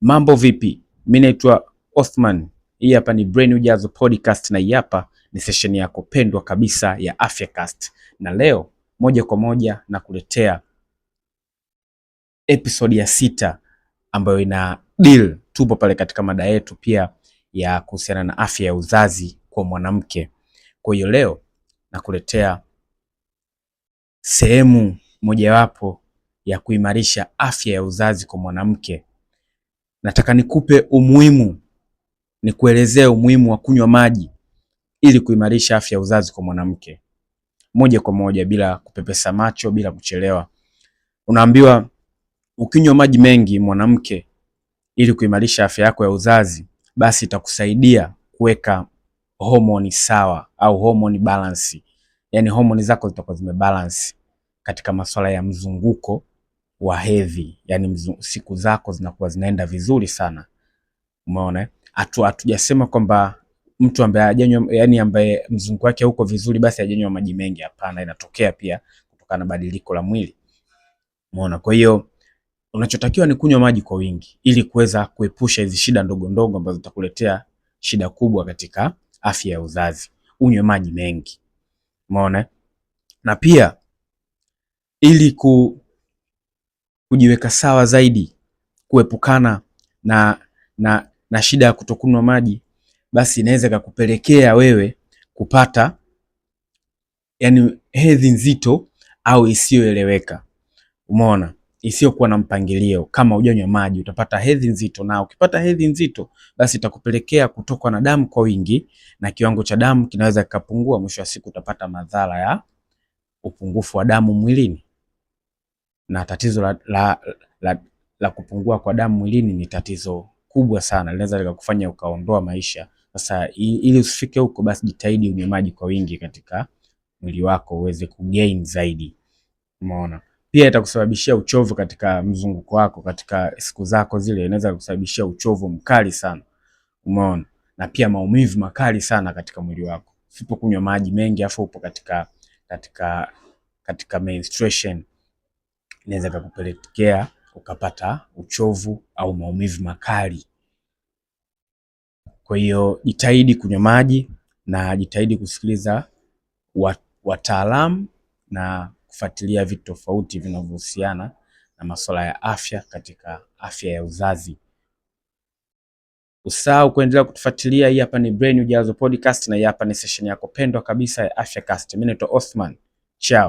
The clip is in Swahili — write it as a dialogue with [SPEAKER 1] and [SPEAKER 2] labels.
[SPEAKER 1] Mambo vipi? Mimi naitwa Othman. Hii hapa ni Brain Ujazo Podcast na hii hapa ni session yako pendwa kabisa ya Afyacast. Na leo moja kwa moja nakuletea episode ya sita ambayo ina deal, tupo pale katika mada yetu pia ya kuhusiana na afya ya uzazi kwa mwanamke. Kwa hiyo leo nakuletea sehemu mojawapo ya kuimarisha afya ya uzazi kwa mwanamke nataka nikupe umuhimu, nikuelezee umuhimu wa kunywa maji ili kuimarisha afya ya uzazi kwa mwanamke, moja kwa moja, bila kupepesa macho, bila kuchelewa. Unaambiwa ukinywa maji mengi mwanamke, ili kuimarisha afya yako ya uzazi, basi itakusaidia kuweka homoni sawa au homoni balance, yani homoni zako zitakuwa zimebalance katika masuala ya mzunguko wa hedhi, yani siku zako zinakuwa zinaenda vizuri sana. Umeona, eh? hatujasema kwamba mtu ambaye hajanywa yani, ambaye mzunguko wake huko vizuri, basi hajanywa maji mengi. Hapana, inatokea pia kutokana na badiliko la mwili. Umeona, kwa hiyo unachotakiwa ni kunywa maji kwa wingi ili kuweza kuepusha hizi shida ndogo ndogo ambazo zitakuletea shida kubwa katika afya ya uzazi. Unywe maji mengi, umeona. Eh? Na pia ili ku, kujiweka sawa zaidi, kuepukana na, na, na shida ya kutokunywa maji, basi inaweza ikakupelekea wewe kupata yani hedhi nzito au isiyoeleweka, umeona, isiyokuwa na mpangilio. Kama hujanywa maji utapata hedhi nzito, na ukipata hedhi nzito, basi itakupelekea kutokwa na damu kwa wingi, na kiwango cha damu kinaweza kikapungua. Mwisho wa siku utapata madhara ya upungufu wa damu mwilini na tatizo la, la, la, la kupungua kwa damu mwilini ni tatizo kubwa sana, linaweza likakufanya ukaondoa maisha. Sasa ili usifike huko, basi jitahidi unywe maji kwa wingi katika mwili wako uweze kugain zaidi. Umeona? Pia itakusababishia uchovu katika mzunguko wako katika siku zako zile, inaweza kusababishia uchovu mkali sana. Umeona? Na pia maumivu makali sana katika mwili wako usipokunywa maji mengi, afu upo katika katika katika menstruation inaweza kukupelekea ukapata uchovu au maumivu makali. Kwa hiyo jitahidi kunywa maji na jitahidi kusikiliza wataalamu na kufuatilia vitu tofauti vinavyohusiana na masuala ya afya katika afya ya uzazi. Usahau kuendelea kutufuatilia. Hii hapa ni Brain Ujazo Podcast na hii hapa ni session yako pendwa kabisa ya Afya Cast. Mimi naitwa Osman. Ciao.